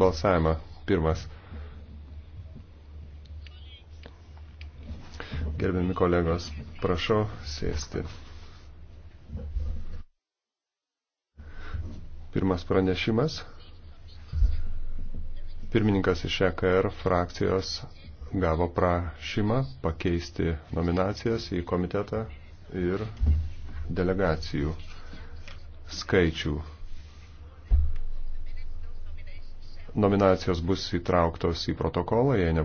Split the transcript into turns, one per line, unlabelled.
balsavimą. Pirmas. Gerbiami kolegos, prašau sėsti. Pirmas pranešimas. Pirmininkas iš EKR frakcijos gavo prašymą pakeisti nominacijas į komitetą ir delegacijų skaičių.
nominacijos bus įtrauktos į protokolą, jei ne